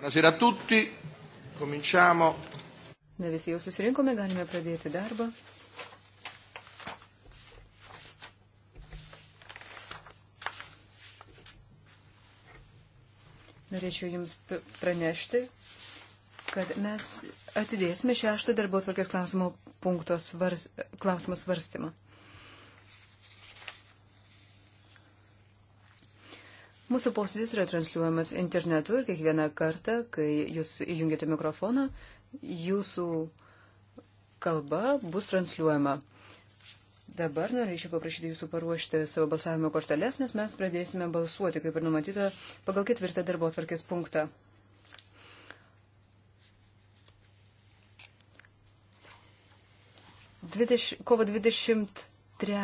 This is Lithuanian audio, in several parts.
Buonasera a tutti. Cominciamo. Ne visi jau susirinkome, galime pradėti darbą. Norėčiau Jums pranešti, kad mes atidėsime šešto darbo tvarkės klausimo punkto svars, klausimo svarstymą. Mūsų posėdis yra transliuojamas internetu ir kiekvieną kartą, kai jūs įjungiate mikrofoną, jūsų kalba bus transliuojama. Dabar norėčiau paprašyti jūsų paruošti savo balsavimo korteles, nes mes pradėsime balsuoti, kaip ir numatyta, pagal ketvirtą darbo atvarkės punktą. Dvideš, kovo 23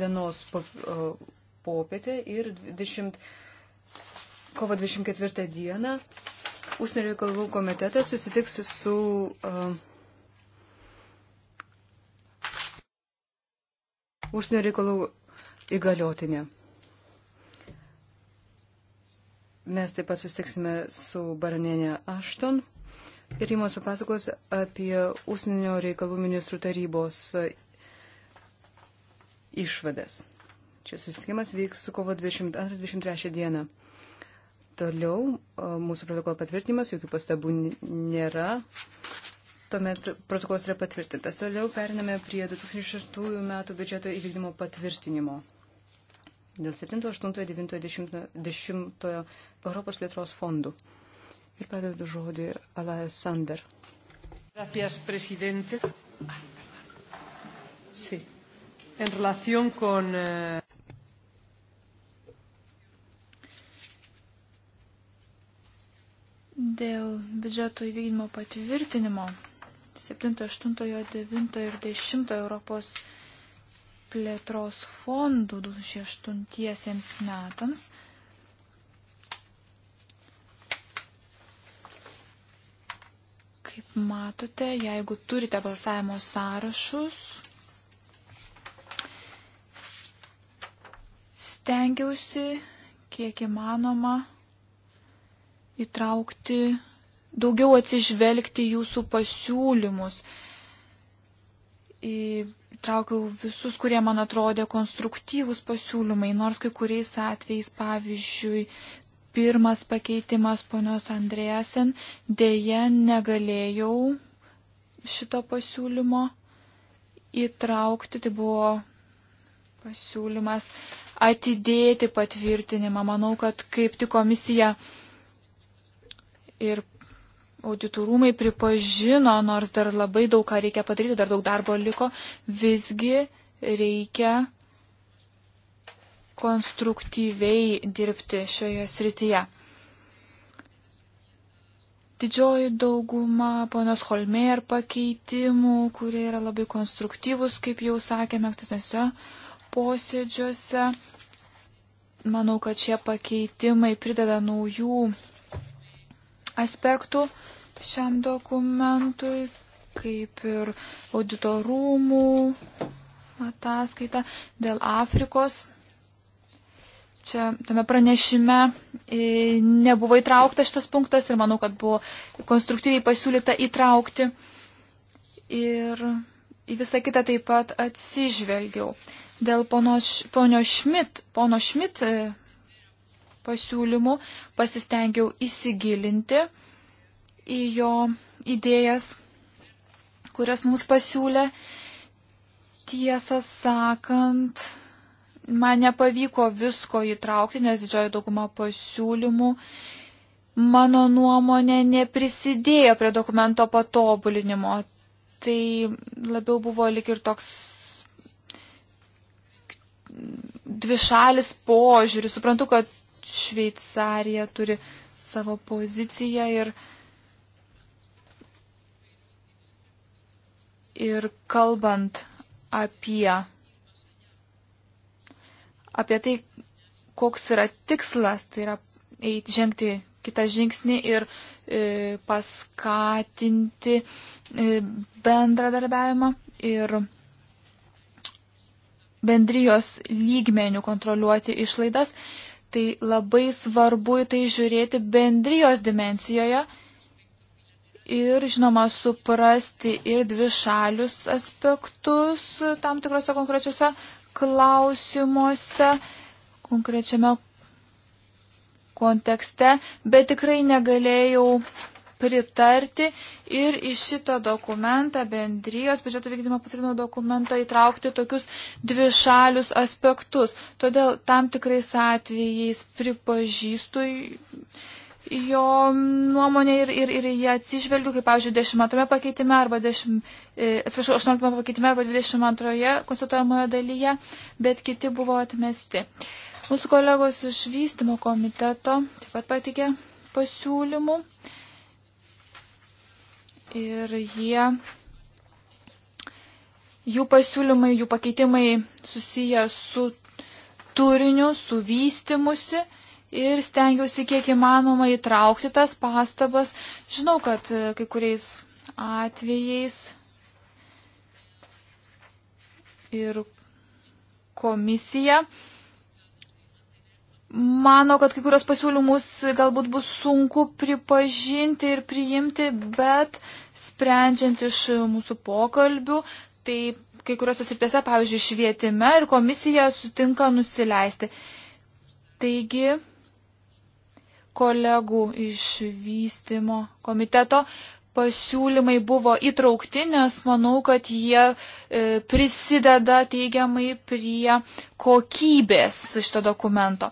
dienos po, o, popietę ir 20, kovo 24 dieną Užsienio reikalų komitetas susitiks su. Uh, Užsienio reikalų įgaliotinė. Mes taip pat susitiksime su baronienė Ašton ir įmos papasakos apie Užsienio reikalų ministrų tarybos uh, išvadas. Čia susitikimas vyks kovo 22-23 dieną. Toliau mūsų protokolo patvirtinimas, jokių pastabų nėra. Tuomet protokolas yra patvirtintas. Toliau periname prie 2006 metų biudžeto įvykdymo patvirtinimo. Dėl 7, 8, 9, 10, 10 Europos plėtros fondų. Ir padedu žodį Alaja Sander. Gracias, presidente. Sí. En relación con. Uh... Dėl biudžeto įvykdymo patvirtinimo 7, 8, 9 ir 10 Europos plėtros fondų 2008 metams Kaip matote, jeigu turite balsavimo sąrašus, stengiausi kiek įmanoma įtraukti, daugiau atsižvelgti jūsų pasiūlymus. Įtraukiau visus, kurie man atrodė konstruktyvūs pasiūlymai, nors kai kuriais atvejais, pavyzdžiui, pirmas pakeitimas ponios Andrėsen, dėje negalėjau šito pasiūlymo įtraukti, tai buvo pasiūlymas atidėti patvirtinimą. Manau, kad kaip tik komisija ir auditorumai pripažino, nors dar labai daug ką reikia padaryti, dar daug darbo liko, visgi reikia konstruktyviai dirbti šioje srityje. Didžioji dauguma ponios Holmer pakeitimų, kurie yra labai konstruktyvus, kaip jau sakėme ankstesniuose posėdžiuose. Manau, kad šie pakeitimai prideda naujų aspektų šiam dokumentui, kaip ir auditorumų ataskaita dėl Afrikos. Čia tame pranešime e, nebuvo įtrauktas šitas punktas ir manau, kad buvo konstruktyviai pasiūlyta įtraukti. Ir į visą kitą taip pat atsižvelgiau. Dėl pono Šmit, pono Šmit e, pasiūlymų, pasistengiau įsigilinti į jo idėjas, kurias mums pasiūlė. Tiesą sakant, man nepavyko visko įtraukti, nes didžioji dauguma pasiūlymų mano nuomonė neprisidėjo prie dokumento patobulinimo. Tai labiau buvo lik ir toks dvišalis požiūris. Suprantu, kad Šveicarija turi savo poziciją ir, ir kalbant apie, apie tai, koks yra tikslas, tai yra eiti žengti kitą žingsnį ir e, paskatinti e, bendradarbiavimą ir bendrijos lygmenių kontroliuoti išlaidas. Tai labai svarbu į tai žiūrėti bendrijos dimencijoje ir, žinoma, suprasti ir dvi šalius aspektus tam tikrose konkrečiose klausimuose, konkrečiame kontekste, bet tikrai negalėjau pritarti ir į šitą dokumentą, bendrijos biudžeto vykdymo patvirtinimo dokumentą įtraukti tokius dvišalius aspektus. Todėl tam tikrais atvejais pripažįstu jo nuomonė ir, ir, ir jie atsižvelgiu, kaip, pavyzdžiui, 10 pakeitime arba 10, e, atsiprašau, 18 pakeitime arba 22 konstatuojamojo dalyje, bet kiti buvo atmesti. Mūsų kolegos iš vystymo komiteto taip pat patikė pasiūlymų. Uh, ir jie, jų pasiūlymai, jų pakeitimai susiję su turiniu, su vystimusi ir stengiausi kiek įmanoma įtraukti tas pastabas. Žinau, kad e, kai kuriais atvejais ir komisija mano, kad kai kurios pasiūlymus galbūt bus sunku pripažinti ir priimti, bet sprendžiant iš mūsų pokalbių, tai kai kuriuose srityse, pavyzdžiui, švietime ir komisija sutinka nusileisti. Taigi, kolegų iš vystimo komiteto pasiūlymai buvo įtraukti, nes manau, kad jie e, prisideda teigiamai prie kokybės šito dokumento.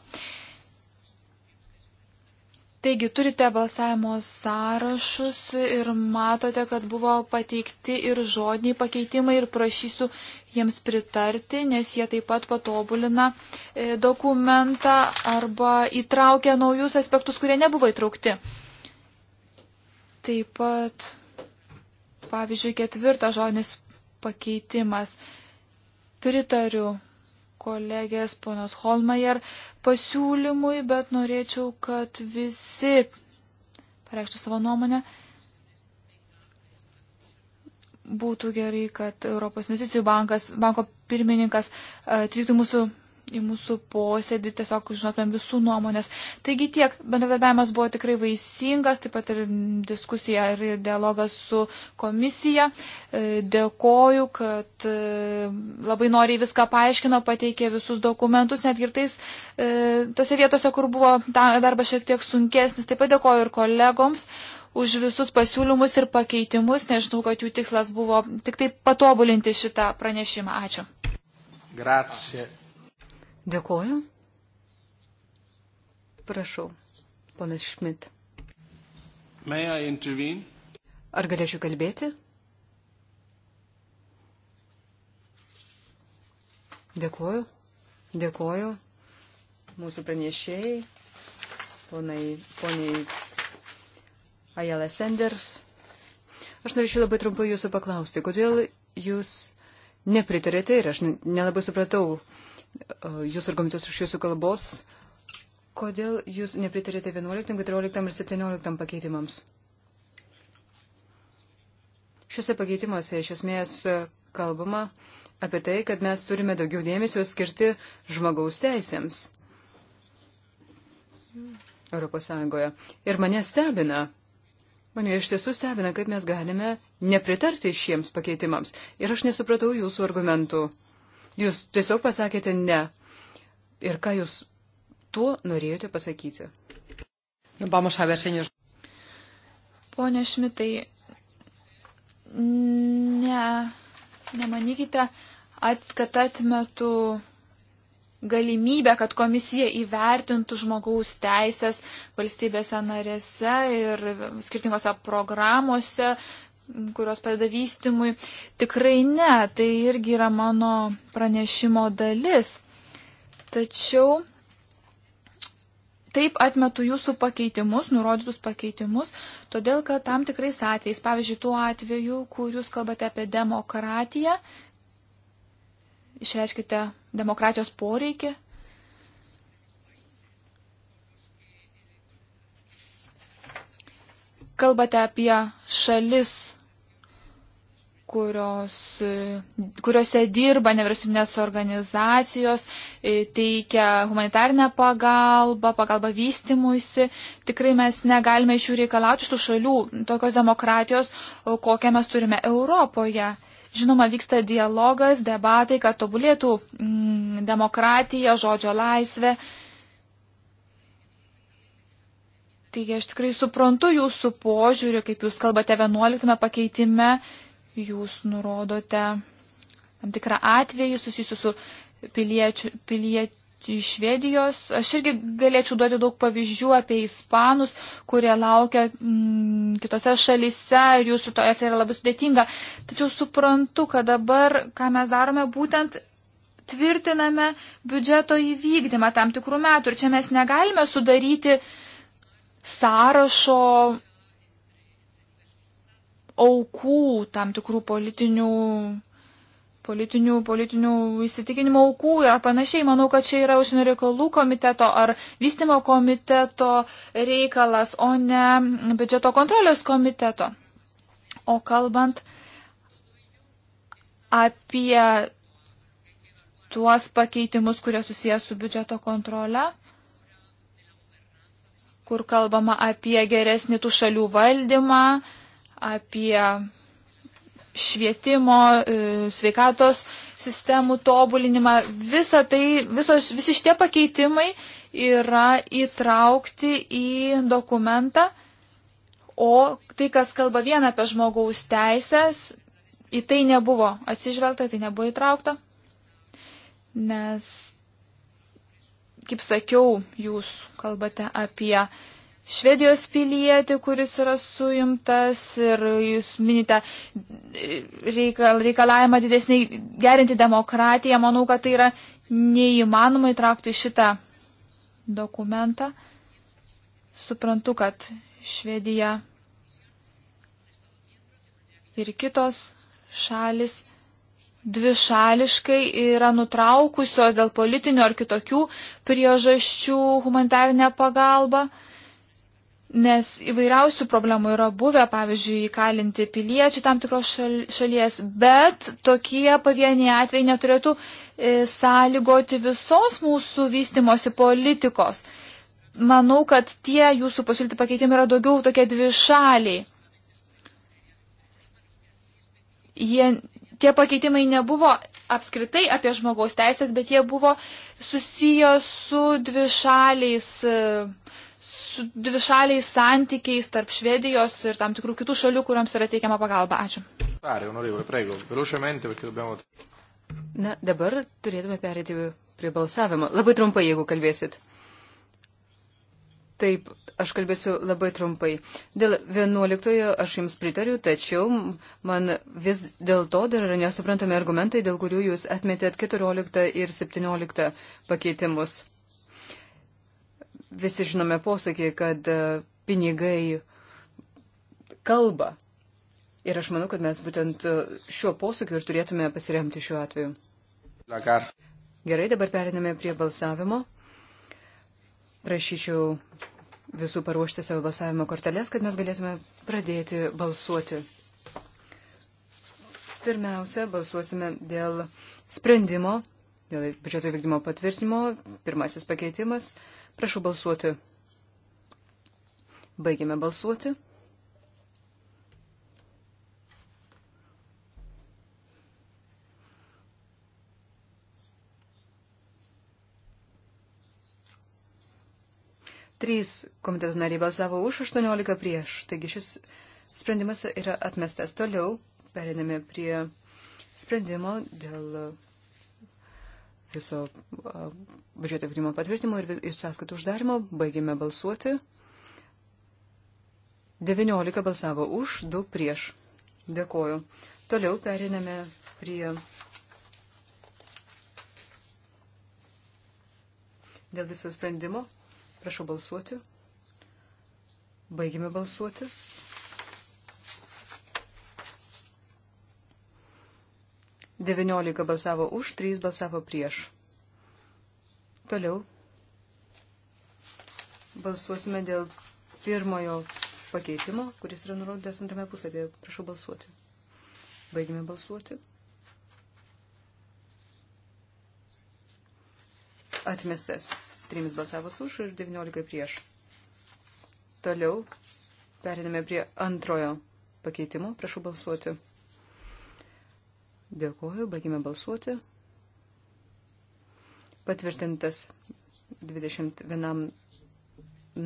Taigi turite balsavimo sąrašus ir matote, kad buvo pateikti ir žodiniai pakeitimai ir prašysiu jiems pritarti, nes jie taip pat patobulina e, dokumentą arba įtraukia naujus aspektus, kurie nebuvo įtraukti. Taip pat, pavyzdžiui, ketvirtas žodis pakeitimas. Pritariu kolegės ponios Holmajer pasiūlymui, bet norėčiau, kad visi pareikštų savo nuomonę. Būtų gerai, kad Europos investicijų bankas, banko pirmininkas e, atvyktų mūsų į mūsų posėdį, tiesiog žinotumėm visų nuomonės. Taigi tiek, bendradarbiavimas buvo tikrai vaisingas, taip pat ir diskusija ir dialogas su komisija. E, dėkoju, kad e, labai noriai viską paaiškino, pateikė visus dokumentus, net ir tais, e, tose vietose, kur buvo darbas šiek tiek sunkesnis. Taip pat dėkoju ir kolegoms už visus pasiūlymus ir pakeitimus, nežinau, kad jų tikslas buvo tik tai patobulinti šitą pranešimą. Ačiū. Grazie. Dėkuoju. Prašau, ponas Šmit. Ar galėčiau kalbėti? Dėkuoju. Dėkuoju mūsų pranešėjai, ponai, poniai Ajala Sanders. Aš norėčiau labai trumpai jūsų paklausti, kodėl jūs nepritarėte ir aš nelabai supratau Uh, jūs argumentus už jūsų kalbos. Kodėl jūs nepritarėte 11, 14 ir 17 pakeitimams? Šiuose pakeitimuose iš esmės uh, kalbama apie tai, kad mes turime daugiau dėmesio skirti žmogaus teisėms Europos Sąjungoje. Ir mane stebina, mane iš tiesų stebina, kaip mes galime nepritarti šiems pakeitimams. Ir aš nesupratau jūsų argumentų. Jūs tiesiog pasakėte ne. Ir ką jūs tuo norėjote pasakyti? Nu, Pone Šmitai, ne, nemanykite, at, kad atmetu galimybę, kad komisija įvertintų žmogaus teisės valstybėse narėse ir skirtingose programuose kurios padeda vystimui, tikrai ne, tai irgi yra mano pranešimo dalis. Tačiau taip atmetu jūsų pakeitimus, nurodytus pakeitimus, todėl kad tam tikrais atvejais, pavyzdžiui, tuo atveju, kur jūs kalbate apie demokratiją, išreiškite demokratijos poreikį. Kalbate apie šalis, kurios, kuriuose dirba nevyriausybinės organizacijos, e, teikia humanitarinę pagalbą, pagalbą vystimuisi. Tikrai mes negalime iš jų reikalauti, iš tų šalių, tokios demokratijos, kokią mes turime Europoje. Žinoma, vyksta dialogas, debatai, kad tobulėtų mm, demokratija, žodžio laisvė. Taigi aš tikrai suprantu jūsų požiūrį, kaip jūs kalbate 11 pakeitime jūs nurodote tam tikrą atvejį susijusiu su piliečių, piliečių iš Švedijos. Aš irgi galėčiau duoti daug pavyzdžių apie ispanus, kurie laukia mm, kitose šalise ir jūsų tojas yra labai sudėtinga. Tačiau suprantu, kad dabar, ką mes darome, būtent tvirtiname biudžeto įvykdymą tam tikrų metų. Ir čia mes negalime sudaryti sąrašo aukų tam tikrų politinių, politinių, politinių įsitikinimų aukų ir panašiai. Manau, kad čia yra užsienio reikalų komiteto ar vystimo komiteto reikalas, o ne biudžeto kontrolės komiteto. O kalbant apie tuos pakeitimus, kurie susijęs su biudžeto kontrole, kur kalbama apie geresnį tų šalių valdymą, apie švietimo, e, sveikatos sistemų tobulinimą. Visa tai, visos, visi šitie pakeitimai yra įtraukti į dokumentą, o tai, kas kalba viena apie žmogaus teisės, į tai nebuvo atsižvelgta, tai nebuvo įtraukta, nes, kaip sakiau, jūs kalbate apie Švedijos pilietį, kuris yra suimtas ir jūs minite e, reikal, reikalavimą didesnį gerinti demokratiją. Manau, kad tai yra neįmanoma įtraukti šitą dokumentą. Suprantu, kad Švedija ir kitos šalis dvišališkai yra nutraukusios dėl politinių ar kitokių priežasčių humanitarinę pagalbą. Nes įvairiausių problemų yra buvę, pavyzdžiui, įkalinti piliečiai tam tikros šal, šalies, bet tokie pavieniai atvejai neturėtų e, sąlygoti visos mūsų vystimosi politikos. Manau, kad tie jūsų pasiūlyti pakeitimai yra daugiau tokie dvi šaliai. Jie, tie pakeitimai nebuvo apskritai apie žmogaus teisės, bet jie buvo susijęs su dvi šaliais. E, su dvišaliais santykiais tarp Švedijos ir tam tikrų kitų šalių, kuriams yra teikiama pagalba. Ačiū. Na, dabar turėtume perėti prie balsavimo. Labai trumpai, jeigu kalbėsit. Taip, aš kalbėsiu labai trumpai. Dėl 11 aš jums pritariu, tačiau man vis dėl to dar yra nesuprantami argumentai, dėl kurių jūs atmetėt 14 ir 17 pakeitimus. Visi žinome posakį, kad e, pinigai kalba. Ir aš manau, kad mes būtent e, šiuo posakiu ir turėtume pasiremti šiuo atveju. Lagar. Gerai, dabar periname prie balsavimo. Prašyčiau visų paruošti savo balsavimo korteles, kad mes galėtume pradėti balsuoti. Pirmiausia, balsuosime dėl sprendimo dėl biudžeto vykdymo patvirtinimo. Pirmasis pakeitimas. Prašau balsuoti. Baigėme balsuoti. Trys komiteto nariai balsavo už, 18 prieš. Taigi šis sprendimas yra atmestas. Toliau periname prie sprendimo dėl viso biudžeto vykdymo patvirtimo ir, ir sąskaitų uždarimo. Baigėme balsuoti. 19 balsavo už, 2 prieš. Dėkoju. Toliau periname prie. Dėl viso sprendimo prašau balsuoti. Baigime balsuoti. 19 balsavo už, 3 balsavo prieš. Toliau balsuosime dėl pirmojo pakeitimo, kuris yra nurodytas antrame puslapyje. Prašau balsuoti. Baigime balsuoti. Atmestas. 3 balsavus už ir 19 prieš. Toliau periname prie antrojo pakeitimo. Prašau balsuoti. Dėkuoju, baigime balsuoti. Patvirtintas 21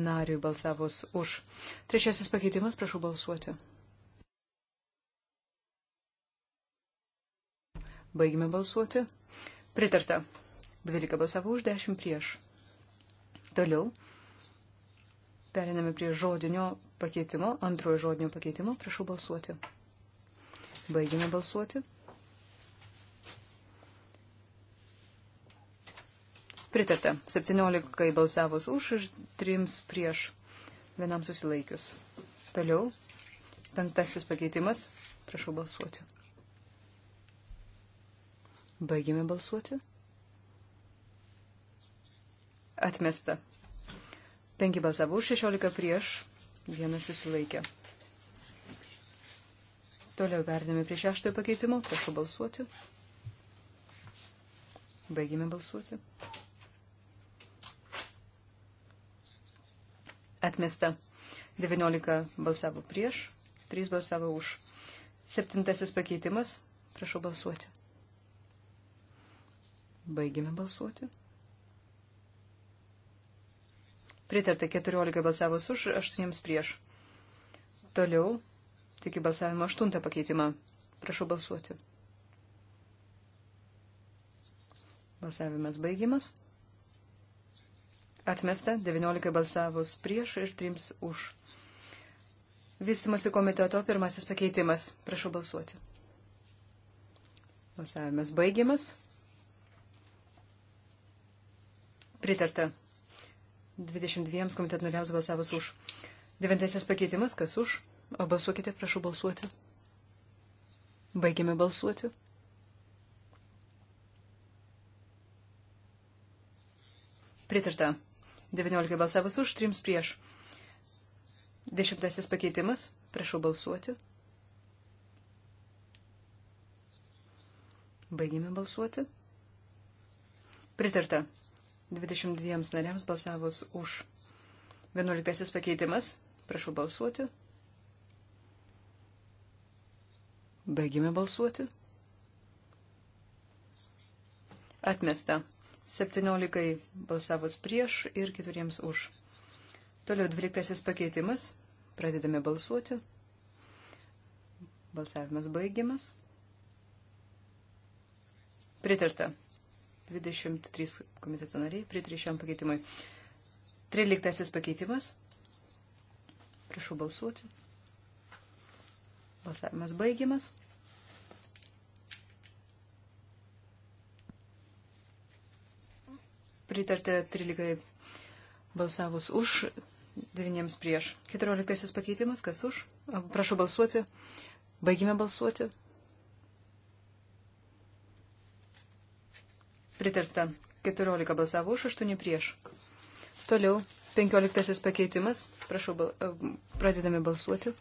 nariui balsavus už. Trečiasis pakeitimas, prašau balsuoti. Baigime balsuoti. Pritarta. 12 balsavo už, 10 prieš. Toliau. Periname prie žodinio pakeitimo, antrojo žodinio pakeitimo. Prašau balsuoti. Baigime balsuoti. pritarta. 17 balsavus už ir 3 prieš vienam susilaikius. Toliau, penktasis pakeitimas. Prašau balsuoti. Baigėme balsuoti. Atmesta. 5 balsavų, 16 prieš, vienas susilaikė. Toliau perdėme prie šeštojo pakeitimo. Prašau balsuoti. Baigėme balsuoti. atmesta. 19 balsavo prieš, 3 balsavo už. Septintasis pakeitimas. Prašau balsuoti. Baigime balsuoti. Pritarta 14 balsavus už, 8 prieš. Toliau tik į balsavimo 8 pakeitimą. Prašau balsuoti. Balsavimas baigimas. Atmesta 19 balsavus prieš ir 3 už. Vystimasi komiteto pirmasis pakeitimas. Prašau balsuoti. Balsavimas baigiamas. Pritarta. 22 komiteto nariams balsavus už. Devintasis pakeitimas, kas už? O balsuokite, prašau balsuoti. Baigiame balsuoti. Pritarta. 19 balsavus už, 3 prieš. Dešimtasis pakeitimas. Prašau balsuoti. Baigėme balsuoti. Pritarta. 22 nariams balsavus už. 11 pakeitimas. Prašau balsuoti. Baigėme balsuoti. Atmesta. 17 balsavus prieš ir 4 už. Toliau 12 pakeitimas. Pradedame balsuoti. Balsavimas baigiamas. Pritarta. 23 komiteto nariai pritarė šiam pakeitimui. 13 pakeitimas. Prašau balsuoti. Balsavimas baigiamas. pritarta 13 balsavus už, 9 prieš. 14 pakeitimas, kas už? Prašau balsuoti. Baigime balsuoti. Pritarta 14 balsavų už, 8 prieš. Toliau 15 pakeitimas. Prašau, pradedame balsuoti.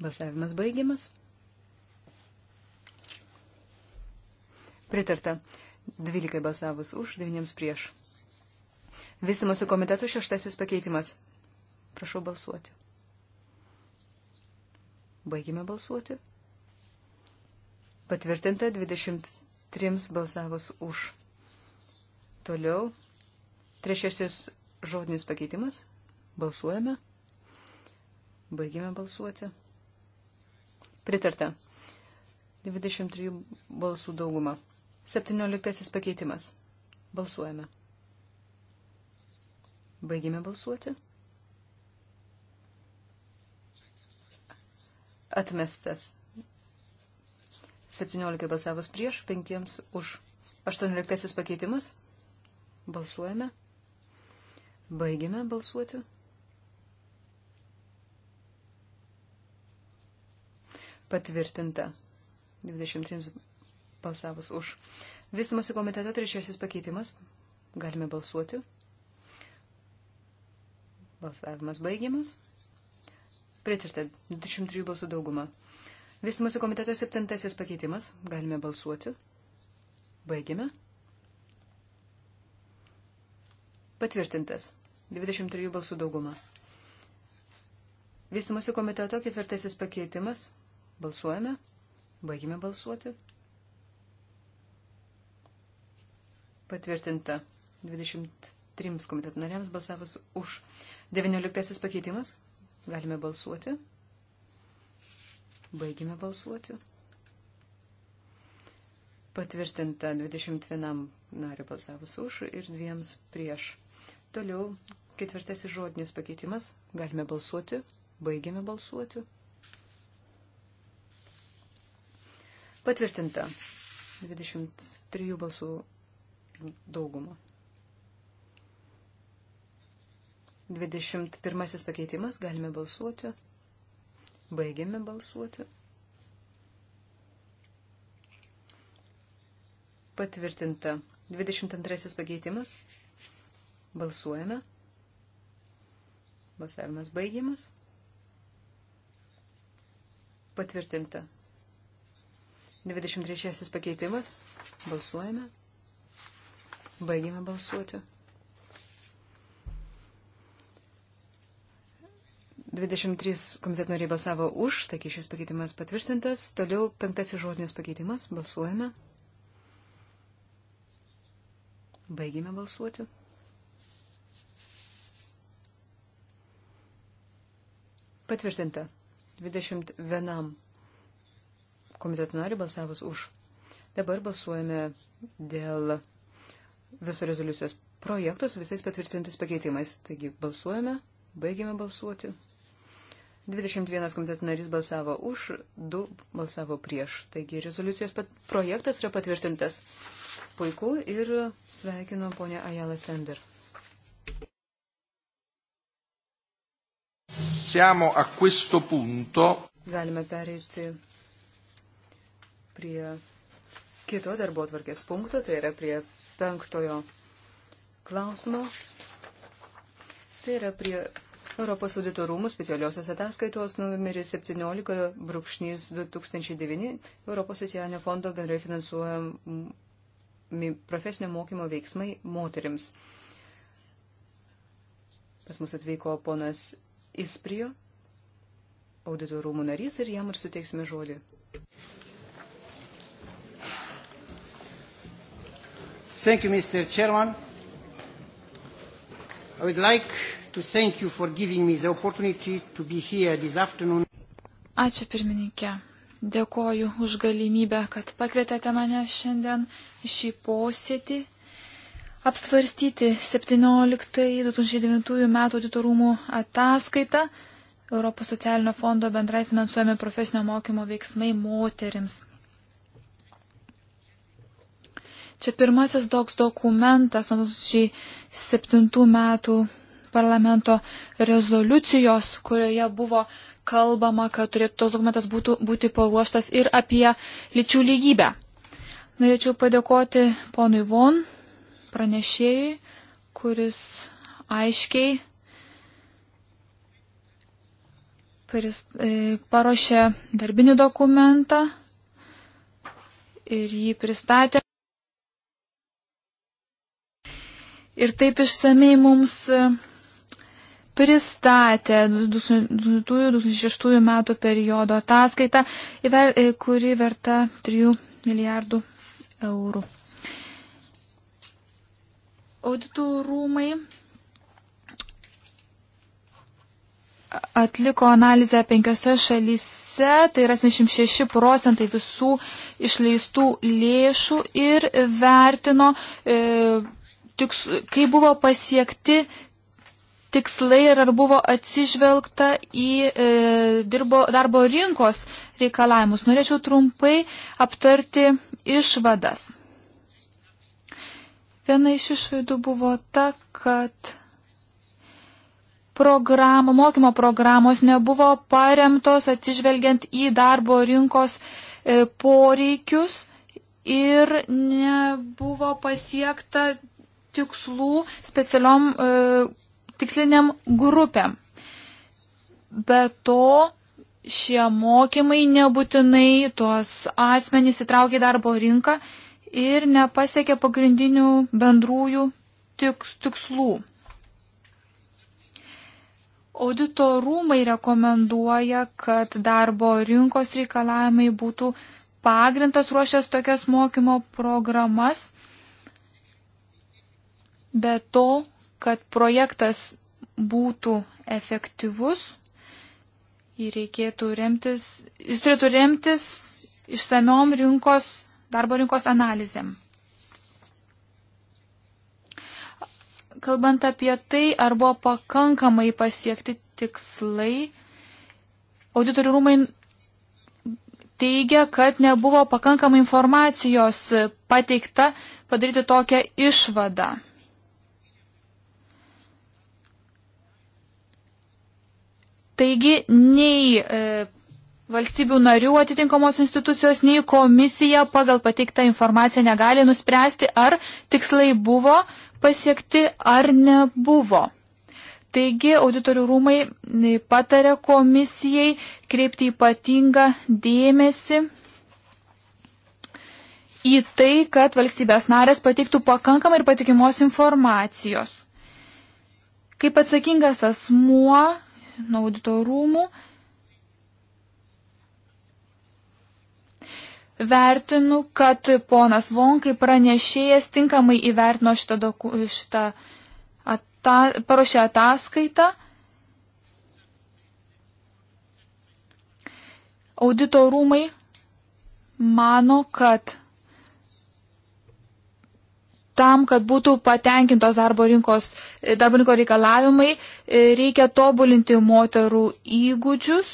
Balsavimas baigiamas. Pritarta. 12 balsavus už, 9 prieš. Vystimosi komiteto šeštasis pakeitimas. Prašau balsuoti. Baigime balsuoti. Patvirtinta 23 balsavus už. Toliau. Trečiasis žodinis pakeitimas. Balsuojame. Baigime balsuoti. Pritarta. 23 balsų dauguma. 17 pakeitimas. Balsuojame. Baigime balsuoti. Atmestas. 17 balsavus prieš, 5 už. 18 pakeitimas. Balsuojame. Baigime balsuoti. Patvirtinta. 23 balsavus už. Vystimasi komiteto trečiasis pakeitimas. Galime balsuoti. Balsavimas baigiamas. Pritirta 23 balsų dauguma. Vystimasi komiteto septintasis pakeitimas. Galime balsuoti. Baigiame. Patvirtintas. 23 balsų dauguma. Vystimasi komiteto ketvirtasis pakeitimas. Balsuojame. Baigime balsuoti. Patvirtinta 23 komiteto nariams balsavus už. 19 pakeitimas. Galime balsuoti. Baigime balsuoti. Patvirtinta 21 nariu balsavus už ir dviems prieš. Toliau ketvirtasis žodinis pakeitimas. Galime balsuoti. Baigėme balsuoti. Patvirtinta 23 balsų daugumą. 21 pakeitimas, galime balsuoti. Baigiame balsuoti. Patvirtinta. 22 pakeitimas. Balsuojame. Balsavimas baigiamas. Patvirtinta. 23 pakeitimas. Balsuojame. Baigėme balsuoti. 23 komiteto nariai balsavo už, taigi šis pakeitimas patvirtintas. Toliau penktasis žodinis pakeitimas. Balsuojame. Baigėme balsuoti. Patvirtinta. 21 komiteto nariai balsavus už. Dabar balsuojame dėl viso rezoliucijos projekto su visais patvirtintis pakeitimais. Taigi balsuojame, baigėme balsuoti. 21 komiteto narys balsavo už, 2 balsavo prieš. Taigi rezoliucijos pat, projektas yra patvirtintas. Puiku ir sveikinu ponę Ajalą Sender. Siamo a questo punto. Galime pereiti prie kito darbo atvarkės punkto, tai yra prie penktojo klausimo. Tai yra prie Europos audito rūmų specialiosios ataskaitos numeris 17.2009 Europos socialinio fondo bendrai finansuojami profesinio mokymo veiksmai moterims. Pas mus atvyko ponas Isprio, audito rūmų narys ir jam ir suteiksime žodį. Thank you, Mr. Chairman. I would like to thank you for giving me the opportunity to be here this afternoon. Ačiū pirmininkė. Dėkoju už galimybę, kad pakvietėte mane šiandien šį posėdį apsvarstyti 17-2009 metų auditorumų ataskaitą Europos socialinio fondo bendrai finansuojami profesinio mokymo veiksmai moterims. Čia pirmasis toks dokumentas 2007 metų parlamento rezoliucijos, kurioje buvo kalbama, kad turėtų tos dokumentas būtų, būti paruoštas ir apie lyčių lygybę. Norėčiau padėkoti ponui Von, pranešėjai, kuris aiškiai paris, e, paruošė darbinį dokumentą ir jį pristatė. ir taip išsamei mums e, pristatė 2006 metų periodo ataskaitą, e, kuri verta 3 milijardų eurų. Auditų rūmai atliko analizę penkiose šalyse, tai yra 76 procentai visų išleistų lėšų ir vertino e, tiks, kai buvo pasiekti tikslai ir ar buvo atsižvelgta į e, dirbo, darbo rinkos reikalavimus. Norėčiau trumpai aptarti išvadas. Viena iš išvaidų buvo ta, kad programų, mokymo programos nebuvo paremtos atsižvelgiant į darbo rinkos e, poreikius ir nebuvo pasiekta tikslų specialiom e, tiksliniam grupėm. Be to, šie mokymai nebūtinai tuos asmenys įtraukia į darbo rinką ir nepasiekia pagrindinių bendrųjų tiks, tikslų. Audito rūmai rekomenduoja, kad darbo rinkos reikalavimai būtų pagrindas ruošęs tokias mokymo programas be to, kad projektas būtų efektyvus, jį reikėtų remtis, jis turėtų remtis išsamiom rinkos, darbo rinkos analizėm. Kalbant apie tai, ar buvo pakankamai pasiekti tikslai, auditorių rūmai teigia, kad nebuvo pakankamai informacijos pateikta padaryti tokią išvadą. Taigi nei e, valstybių narių atitinkamos institucijos, nei komisija pagal pateiktą informaciją negali nuspręsti, ar tikslai buvo pasiekti ar nebuvo. Taigi auditorių rūmai patarė komisijai kreipti ypatingą dėmesį į tai, kad valstybės narės patiktų pakankamai ir patikimos informacijos. Kaip atsakingas asmuo nuo auditorumų. Vertinu, kad ponas Vonkai pranešėjas tinkamai įvertino šitą, doku, šitą ata, paruošę ataskaitą. Auditorumai mano, kad tam, kad būtų patenkintos darbo, rinkos, e, darbo rinko reikalavimai, e, reikia tobulinti moterų įgūdžius.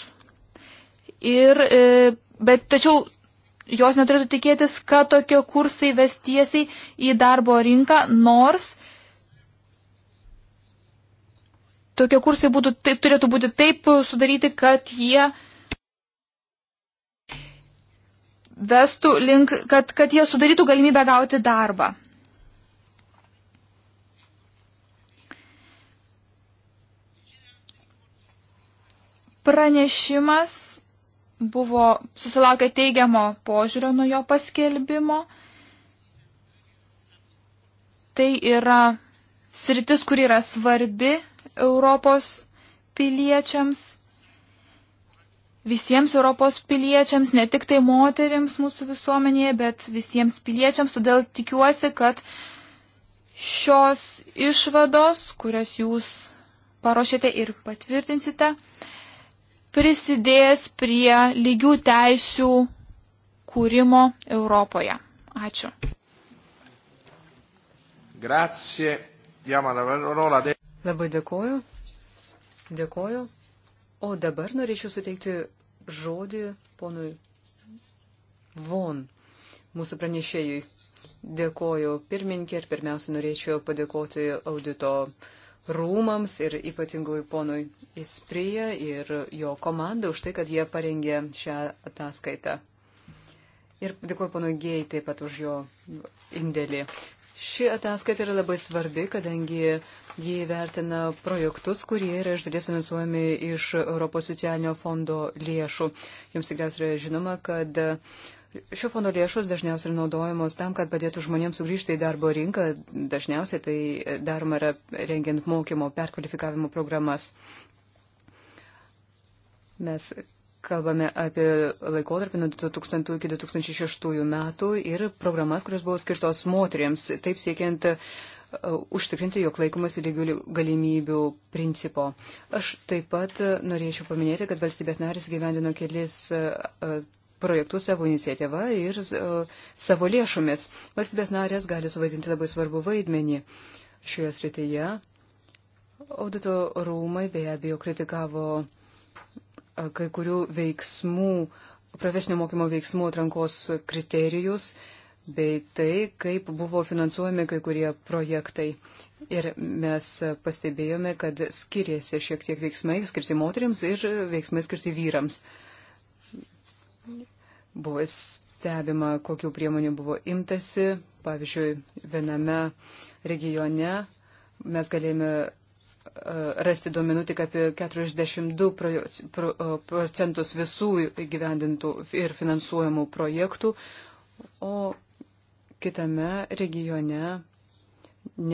Ir, e, bet tačiau jos neturėtų tikėtis, kad tokie kursai ves tiesiai į darbo rinką, nors tokie kursai būtų, taip, turėtų būti taip sudaryti, kad jie vestų link, kad, kad jie sudarytų galimybę gauti darbą. Pranešimas buvo susilaukė teigiamo požiūrio nuo jo paskelbimo. Tai yra sritis, kur yra svarbi Europos piliečiams, visiems Europos piliečiams, ne tik tai moteriams mūsų visuomenėje, bet visiems piliečiams. Todėl tikiuosi, kad šios išvados, kurias jūs paruošėte ir patvirtinsite, prisidės prie lygių teisių kūrimo Europoje. Ačiū. Grazie. Labai dėkoju. Dėkoju. O dabar norėčiau suteikti žodį ponui Von, mūsų pranešėjui. Dėkoju pirmininkė ir pirmiausia norėčiau padėkoti audito uh, rūmams ir ypatingui ponui Isprija ir jo komandai už tai, kad jie parengė šią ataskaitą. Ir dėkuoju ponui Gėjai taip pat už jo indėlį. Ši ataskaita yra labai svarbi, kadangi jie vertina projektus, kurie yra iš dalies finansuojami iš Europos socialinio fondo lėšų. Jums tikriausiai yra žinoma, kad uh, Šio fondo lėšos dažniausiai naudojamos tam, kad padėtų žmonėms sugrįžti į darbo rinką. Dažniausiai tai daroma yra rengiant mokymo, perkvalifikavimo programas. Mes kalbame apie laikotarpį nuo 2000 iki 2006 metų ir programas, kurios buvo skirtos moteriams, taip siekiant uh, užtikrinti, jog laikomasi lygių galimybių principo. Aš taip pat norėčiau paminėti, kad valstybės narys gyvendino kelis uh, projektus savo iniciatyvą ir e, savo lėšomis. Valstybės narės gali suvaidinti labai svarbu vaidmenį šioje srityje. Audito rūmai be abejo kritikavo e, kai kurių veiksmų, profesinio mokymo veiksmų atrankos kriterijus bei tai, kaip buvo finansuojami kai kurie projektai. Ir mes pastebėjome, kad skiriasi šiek tiek veiksmai skirti moteriams ir veiksmai skirti vyrams. Uh, Buvo stebima, kokiu priemonių buvo imtasi. Pavyzdžiui, viename regione mes galėjome e, rasti duomenų tik apie 42 procentus visų įgyvendintų ir finansuojamų projektų, o kitame regione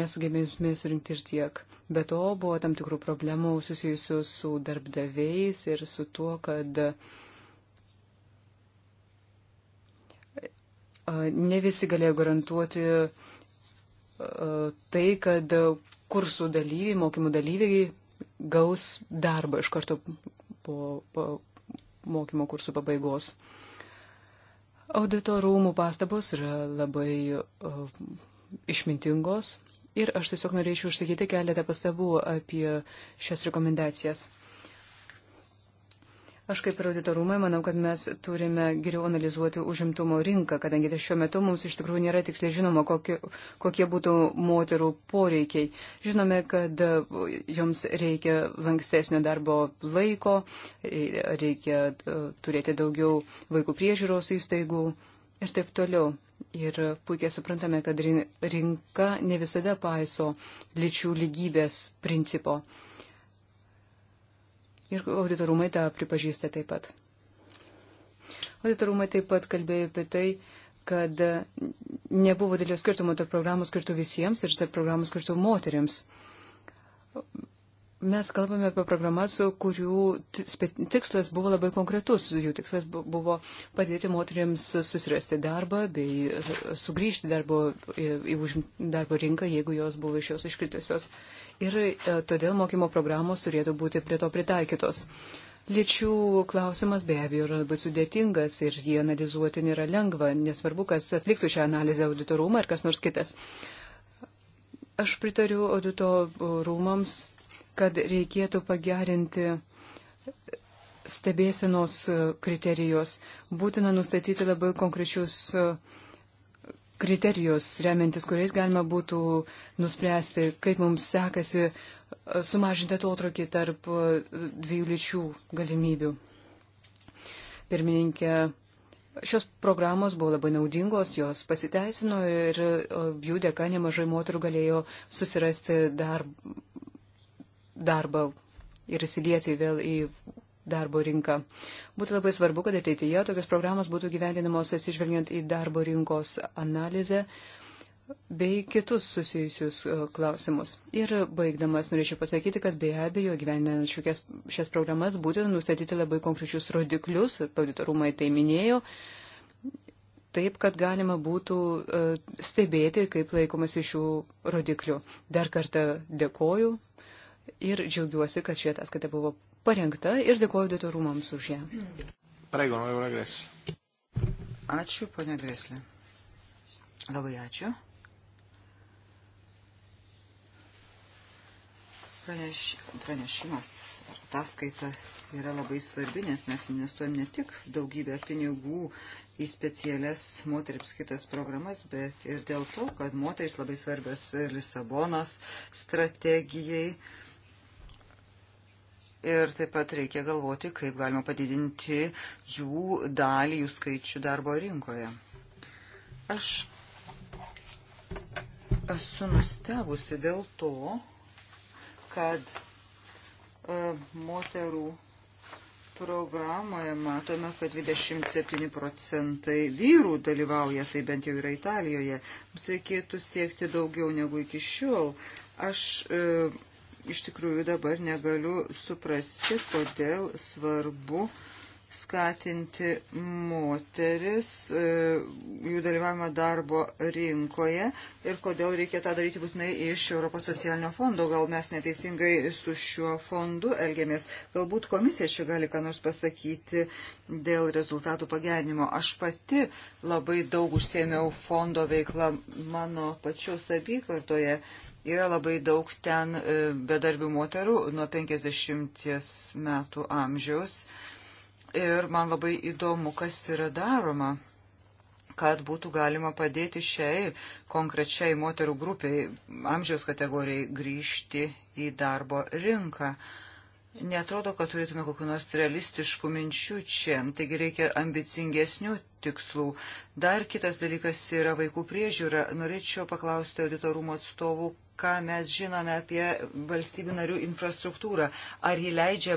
nesugebėjome surinkti ir tiek. Be to buvo tam tikrų problemų susijusių su darbdaviais ir su tuo, kad uh, ne visi galėjo garantuoti tai, kad kursų dalyviai, mokymų dalyviai gaus darbą iš karto po, po mokymo kursų pabaigos. Audito rūmų pastabos yra labai uh, išmintingos ir aš tiesiog norėčiau užsakyti keletą pastabų apie šias rekomendacijas. Aš kaip ir auditorumai manau, kad mes turime geriau analizuoti užimtumo rinką, kadangi tai šiuo metu mums iš tikrųjų nėra tiksliai žinoma, kokie, kokie būtų moterų poreikiai. Žinome, kad joms reikia lankstesnio darbo laiko, reikia e, turėti daugiau vaikų priežiūros įstaigų ir taip toliau. Ir puikiai suprantame, kad rinka ne visada paiso lyčių lygybės principo. Ir auditorumai tą pripažįsta taip pat. Auditorumai taip pat kalbėjo apie tai, kad nebuvo didelio skirtumo tarp programų skirtų visiems ir tarp programų skirtų moteriams. Mes kalbame apie programas, kurių tikslas buvo labai konkretus. Jų tikslas buvo padėti moteriams susirasti darbą bei sugrįžti darbo, į darbo rinką, jeigu jos buvo iš jos iškritusios. Ir e, todėl mokymo programos turėtų būti prie to pritaikytos. Lyčių klausimas be abejo yra labai sudėtingas ir jį analizuoti nėra lengva, nesvarbu, kas atliktų šią analizę auditorumą ar kas nors kitas. Aš pritariu audito rūmams kad reikėtų pagerinti stebėsenos kriterijus. Būtina nustatyti labai konkrečius kriterijus, remiantis kuriais galima būtų nuspręsti, kaip mums sekasi sumažinti atotrukį tarp dviejų lyčių galimybių. Pirmininkė, šios programos buvo labai naudingos, jos pasiteisino ir jų dėka nemažai moterų galėjo susirasti darbą darbą ir įsilieti vėl į darbo rinką. Būtų labai svarbu, kad ateityje tokios programos būtų gyvendinamos atsižvelgiant į darbo rinkos analizę bei kitus susijusius e, klausimus. Ir baigdamas norėčiau pasakyti, kad be abejo, gyvendinant šias, šias programas būtina nustatyti labai konkrečius rodiklius, auditorumai tai minėjo, taip, kad galima būtų e, stebėti, kaip laikomasi šių rodiklių. Dar kartą dėkoju ir džiaugiuosi, kad ši ataskaita buvo parengta ir dėkoju audito rūmams už ją. Prego, Laura Greslė. Ačiū, ponia Greslė. Labai ačiū. Praneš, pranešimas ar ataskaita yra labai svarbi, nes mes investuojam ne tik daugybę pinigų į specialias moteriams kitas programas, bet ir dėl to, kad moteris labai svarbios Lisabonos strategijai. Uh, ir taip pat reikia galvoti, kaip galima padidinti jų dalį, jų skaičių darbo rinkoje. Aš esu nustebusi dėl to, kad e, moterų programoje matome, kad 27 procentai vyrų dalyvauja, tai bent jau yra Italijoje. Mums reikėtų siekti daugiau negu iki šiol. Aš e, iš tikrųjų dabar negaliu suprasti, kodėl svarbu skatinti moteris, e, jų dalyvavimą darbo rinkoje ir kodėl reikia tą daryti būtinai iš Europos socialinio fondo. Gal mes neteisingai su šiuo fondu elgiamės. Galbūt komisija čia gali ką nors pasakyti dėl rezultatų pagerinimo. Aš pati labai daug užsėmiau fondo veiklą mano pačios abikartoje Yra labai daug ten e, bedarbių moterų nuo 50 metų amžiaus. Ir man labai įdomu, kas yra daroma, kad būtų galima padėti šiai konkrečiai moterų grupiai, amžiaus kategorijai grįžti į darbo rinką. Netrodo, kad turėtume kokiu nors realistiškų minčių čia, taigi reikia ambicingesnių tikslų. Dar kitas dalykas yra vaikų priežiūra. Norėčiau paklausti auditorumo atstovų, ką mes žinome apie valstybių narių infrastruktūrą. Ar ji leidžia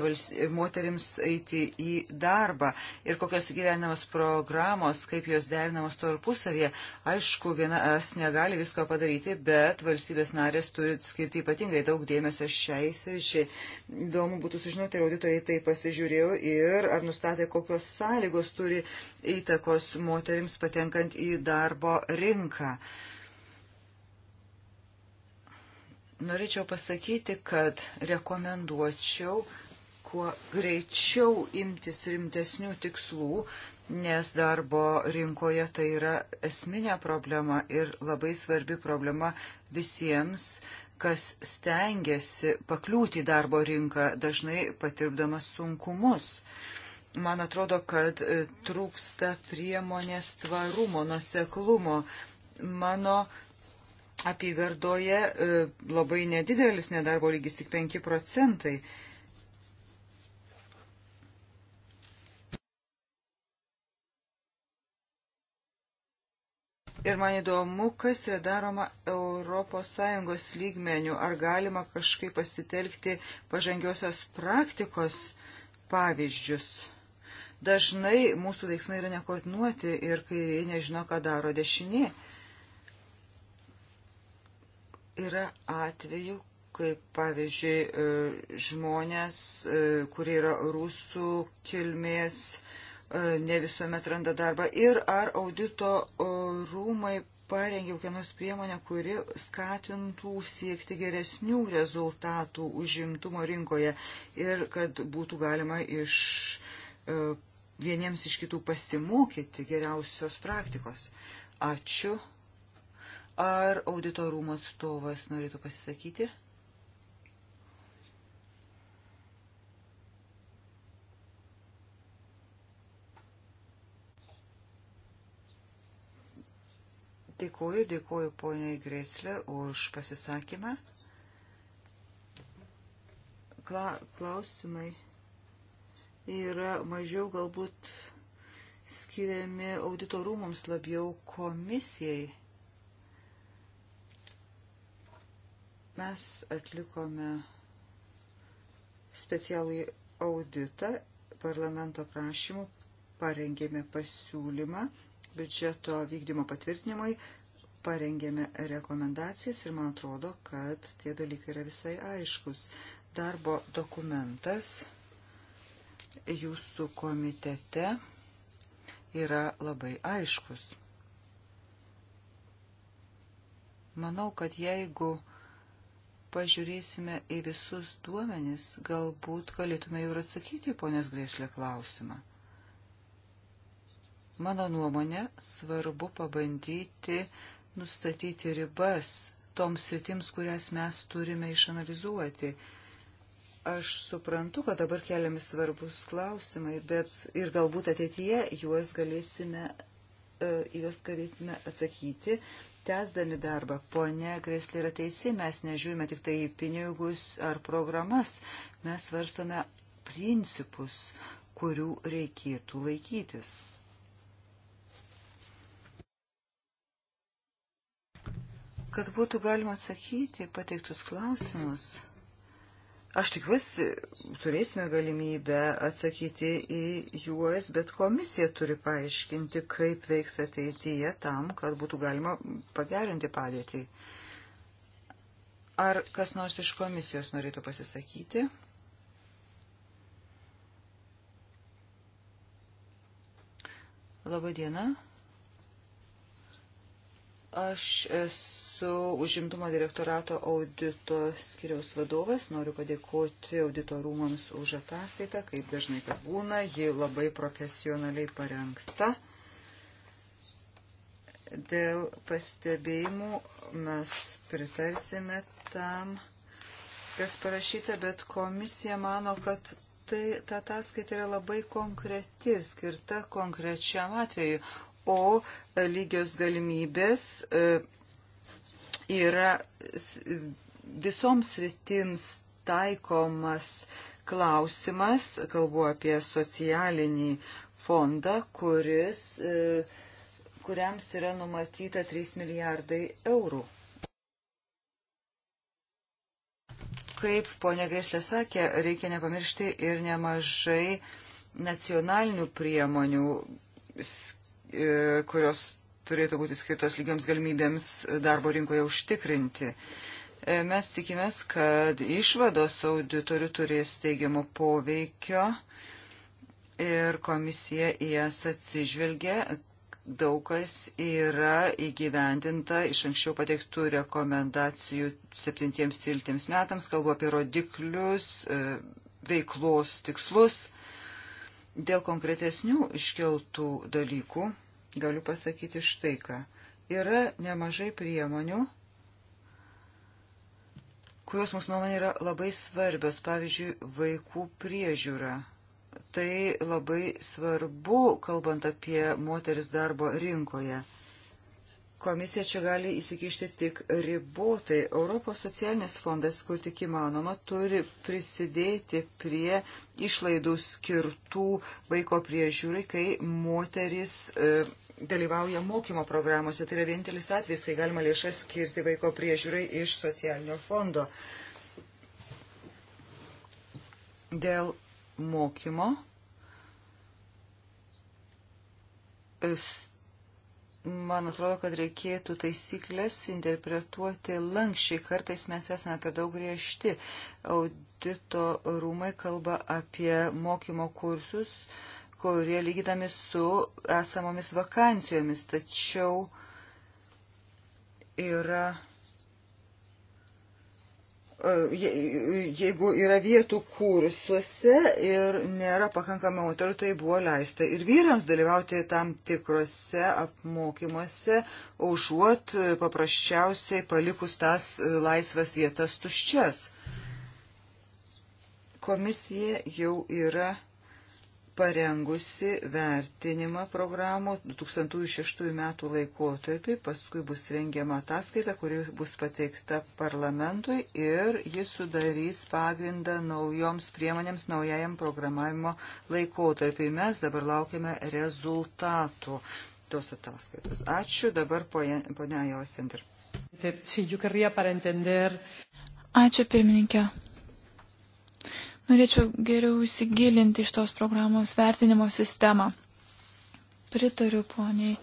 moterims eiti į darbą ir kokios gyvenamos programos, kaip jos derinamos tarpusavėje. Aišku, viena es negali visko padaryti, bet valstybės narės turi skirti ypatingai daug dėmesio šiai sričiai. Įdomu būtų sužinoti, ar auditoriai tai pasižiūrėjo ir ar nustatė, kokios sąlygos turi įtakos moterims patenkant į darbo rinką. Uh, Norėčiau pasakyti, kad rekomenduočiau kuo greičiau imtis rimtesnių tikslų, nes darbo rinkoje tai yra esminė problema ir labai svarbi problema visiems, kas stengiasi pakliūti į darbo rinką, dažnai patirdamas sunkumus. Man atrodo, kad e, trūksta priemonės tvarumo, nuseklumo. Mano apygardoje e, labai nedidelis nedarbo lygis, tik 5 procentai. Ir man įdomu, kas yra daroma ES lygmenių. Ar galima kažkaip pasitelkti pažangiosios praktikos pavyzdžius? Dažnai mūsų veiksmai yra nekoordinuoti ir kairė nežino, ką daro dešinė. Yra atvejų, kaip pavyzdžiui e, žmonės, e, kurie yra rusų kilmės, e, ne visuomet randa darbą. Ir ar audito rūmai parengė kokią nors priemonę, kuri skatintų siekti geresnių rezultatų užimtumo rinkoje ir kad būtų galima iš vieniems iš kitų pasimokyti geriausios praktikos. Ačiū. Ar auditorumo atstovas norėtų pasisakyti? Dėkuoju, dėkuoju poniai Greslė už pasisakymą. Kla, klausimai yra mažiau galbūt skiriami auditorumams labiau komisijai Mes atlikome specialų auditą parlamento prašymų, parengėme pasiūlymą biudžeto vykdymo patvirtinimui, parengėme rekomendacijas ir man atrodo, kad tie dalykai yra visai aiškus. Darbo dokumentas jūsų komitete yra labai aiškus. Manau, kad jeigu pažiūrėsime į visus duomenis, galbūt galėtume jau ir atsakyti ponios Grėslė klausimą. Mano nuomonė, svarbu pabandyti nustatyti ribas toms sritims, kurias mes turime išanalizuoti. Aš suprantu, kad dabar keliami svarbus klausimai, bet ir galbūt ateityje juos galėsime E, į juos galėtume atsakyti, tęsdami darbą. Pone Greslė yra teisi, mes nežiūrime tik tai į pinigus ar programas, mes svarstome principus, kurių reikėtų laikytis. Kad būtų galima atsakyti pateiktus klausimus Aš tikiuosi, turėsime galimybę atsakyti į juos, bet komisija turi paaiškinti, kaip veiks ateityje tam, kad būtų galima pagerinti padėtį. Ar kas nors iš komisijos norėtų pasisakyti? Labadiena. Aš esu esu užimtumo direktorato audito skiriaus vadovas. Noriu padėkoti auditorumams už ataskaitą, kaip dažnai kad būna. Ji labai profesionaliai parengta. Dėl pastebėjimų mes pritarsime tam, kas parašyta, bet komisija mano, kad tai ta ataskaita yra labai konkreti ir skirta konkrečiam atveju, o lygios galimybės e, yra visoms rytims taikomas klausimas, kalbu apie socialinį fondą, kuris, e, kuriams yra numatyta 3 milijardai eurų. Kaip ponia Greslė sakė, reikia nepamiršti ir nemažai nacionalinių priemonių, e, kurios turėtų būti skirtos lygiams galimybėms darbo rinkoje užtikrinti. E, mes tikimės, kad išvados auditorių turės teigiamo poveikio ir komisija į jas atsižvelgia. Daug kas yra įgyvendinta iš anksčiau pateiktų rekomendacijų septintiems tryliktiems metams. Kalbu apie rodiklius, e, veiklos tikslus. Dėl konkretesnių iškeltų dalykų galiu pasakyti štai ką. Yra nemažai priemonių, kurios mūsų nuomonė yra labai svarbios, pavyzdžiui, vaikų priežiūra. Tai labai svarbu, kalbant apie moteris darbo rinkoje komisija čia gali įsikišti tik ribotai. Europos socialinis fondas, kur tik įmanoma, turi prisidėti prie išlaidų skirtų vaiko priežiūrai, kai moteris e, dalyvauja mokymo programuose. Tai yra vienintelis atvejs, kai galima lėšas skirti vaiko priežiūrai iš socialinio fondo. Dėl mokymo man atrodo, kad reikėtų taisyklės interpretuoti lankščiai. Kartais mes esame per daug griežti. Audito rūmai kalba apie mokymo kursus, kurie lygydami su esamomis vakancijomis. Tačiau yra E, jeigu yra vietų kursuose ir nėra pakankamai moterų, tai buvo leista ir vyrams dalyvauti tam tikrose apmokymuose, užuot paprasčiausiai palikus tas laisvas vietas tuščias. Komisija jau yra parengusi vertinimą programų 2006 metų laikotarpį, paskui bus rengiama ataskaita, kuri bus pateikta parlamentui ir jis sudarys pagrindą naujoms priemonėms naujajam programavimo laikotarpiui. Mes dabar laukiame rezultatų tos ataskaitos. Ačiū dabar ponia Jelasender. Ačiū pirmininkė. Norėčiau geriau įsigilinti iš tos programos vertinimo sistemą. Pritariu poniai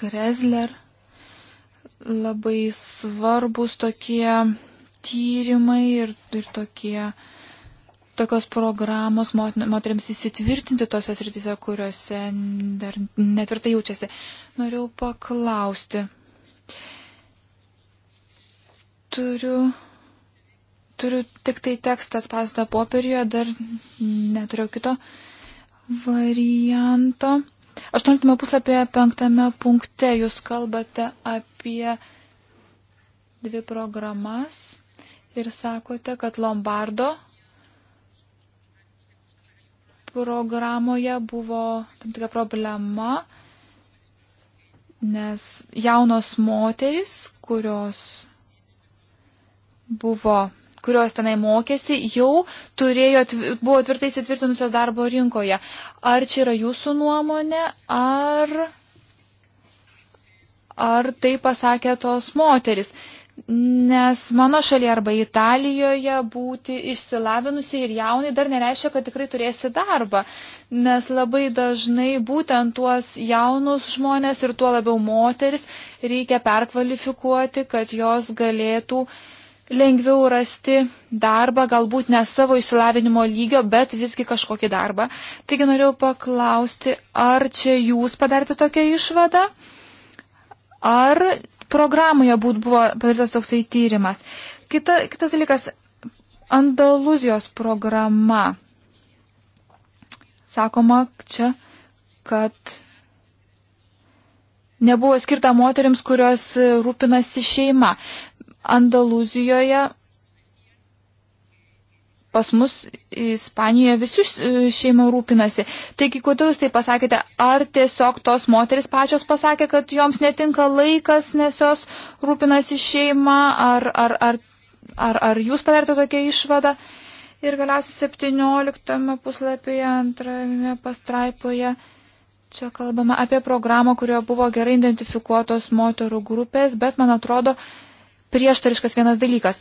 Grezler. Labai svarbus tokie tyrimai ir, ir tokie, tokios programos moteriams įsitvirtinti tose srityse, kuriuose dar netvirtai jaučiasi. Norėjau paklausti. Turiu turiu tik tai tekstą spaustą popieriuje, dar neturiu kito varianto. 18 puslapyje 5 punkte jūs kalbate apie dvi programas ir sakote, kad Lombardo programoje buvo tam tikra problema, nes jaunos moteris, kurios buvo kurios tenai mokėsi, jau turėjo, buvo tvirtai įsitvirtinusios darbo rinkoje. Ar čia yra jūsų nuomonė, ar, ar tai pasakė tos moteris? Nes mano šalyje arba Italijoje būti išsilavinusiai ir jaunai dar nereiškia, kad tikrai turėsi darbą, nes labai dažnai būtent tuos jaunus žmonės ir tuo labiau moteris reikia perkvalifikuoti, kad jos galėtų uh, lengviau rasti darbą, galbūt ne savo išsilavinimo lygio, bet visgi kažkokį darbą. Taigi norėjau paklausti, ar čia jūs padarėte tokią išvadą, ar programoje būt buvo padarytas toksai tyrimas. Kita, kitas dalykas, Andaluzijos programa. Sakoma čia, kad nebuvo skirta moteriams, kurios rūpinasi šeima. Andalūzijoje pas mus Ispanijoje visi e, šeima rūpinasi. Taigi, kodėl jūs tai pasakėte? Ar tiesiog tos moteris pačios pasakė, kad joms netinka laikas, nes jos rūpinasi šeima, ar, ar, ar, ar, ar jūs padarėte tokią išvadą? Ir galiausiai 17 puslapyje, antrame pastraipoje. Čia kalbama apie programą, kurioje buvo gerai identifikuotos moterų grupės, bet man atrodo, prieštariškas vienas dalykas.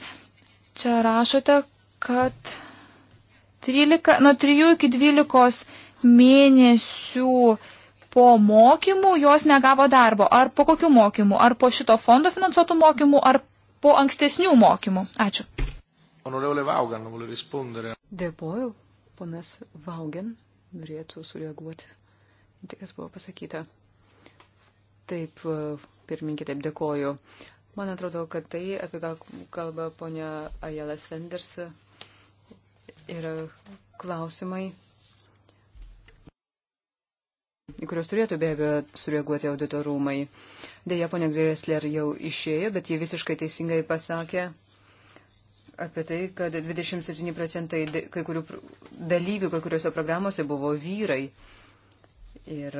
Čia rašote, kad 13, nuo 3 iki 12 mėnesių po mokymų jos negavo darbo. Ar po kokių mokymų? Ar po šito fondo finansuotų mokymų, ar po ankstesnių mokymų? Ačiū. Honorevole Vaugan, noriu respondere. Dėkuoju, ponas Vaugan, norėtų sureaguoti. Tai kas buvo pasakyta. Taip, pirminkė, taip dėkoju. Man atrodo, kad tai, apie ką kalba ponia Ajala Sanders, yra klausimai, į kuriuos turėtų be abejo sureaguoti auditorumai. Deja, ponia Gresler jau išėjo, bet jie visiškai teisingai pasakė apie tai, kad 27 procentai kai kurių dalyvių kai kuriuose programuose buvo vyrai. Ir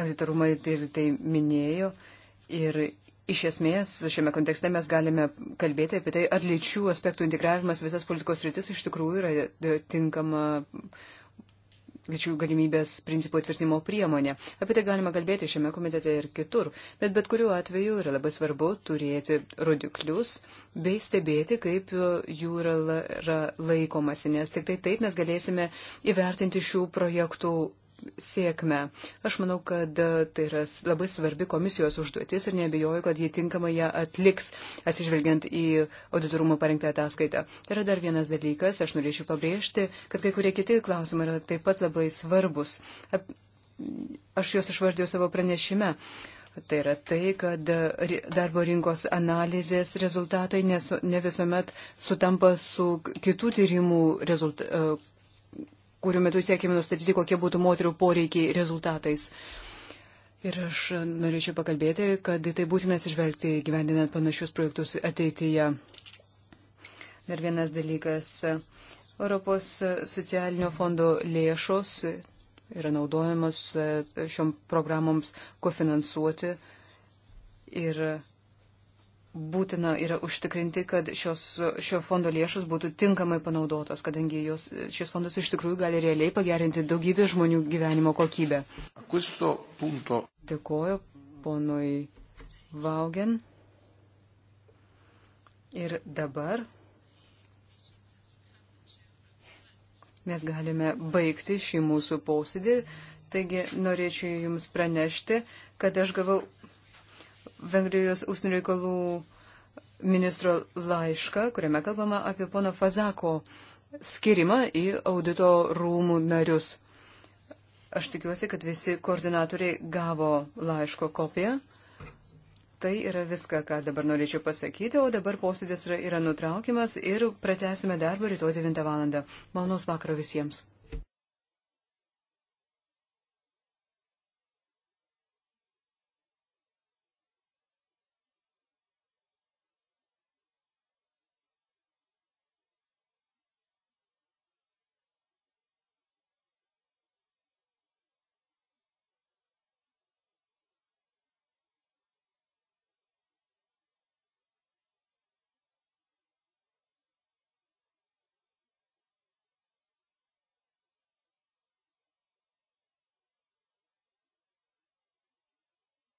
auditorumai tai, tai minėjo. Ir iš esmės šiame kontekste mes galime kalbėti apie tai, ar lyčių aspektų integravimas visas politikos rytis iš tikrųjų yra e, tinkama lyčių galimybės principų įtvirtinimo priemonė. Apie tai galima kalbėti šiame komitete ir kitur, bet bet kuriuo atveju yra labai svarbu turėti rodiklius bei stebėti, kaip e, jų yra laikomasi, nes tik tai taip mes galėsime įvertinti šių projektų sėkmę. Aš manau, kad e, tai yra labai svarbi komisijos užduotis ir nebejoju, kad jie tinkamai ją atliks, atsižvelgiant į auditorumo parengtą ataskaitą. Yra dar vienas dalykas, aš norėčiau pabrėžti, kad kai kurie kiti klausimai yra taip pat labai svarbus. Aš juos išvardėjau savo pranešime. Tai yra tai, kad e, darbo rinkos analizės rezultatai ne visuomet sutampa su kitų tyrimų rezulta, e, kuriuo metu siekime nustatyti, kokie būtų moterų poreikiai rezultatais. Ir aš norėčiau pakalbėti, kad tai būtinas išvelgti gyvendinant panašius projektus ateityje. Dar vienas dalykas. Europos socialinio fondo lėšos yra naudojamos e, šiom programoms kofinansuoti. Ir būtina yra užtikrinti, kad šios, šio fondo lėšos būtų tinkamai panaudotos, kadangi jos, šis fondas iš tikrųjų gali realiai pagerinti daugybę žmonių gyvenimo kokybę. Punto... Dėkoju ponui Vaugen. Ir dabar mes galime baigti šį mūsų posėdį. Taigi norėčiau Jums pranešti, kad aš gavau Vengrijos užsienio reikalų ministro laišką, kuriame kalbama apie pono Fazako skirimą į audito rūmų narius. Aš tikiuosi, kad visi koordinatoriai gavo laiško kopiją. Tai yra viską, ką dabar norėčiau pasakyti, o dabar posėdis yra, yra nutraukimas ir pratęsime darbą rytoj 9 val. Malonaus vakaro visiems.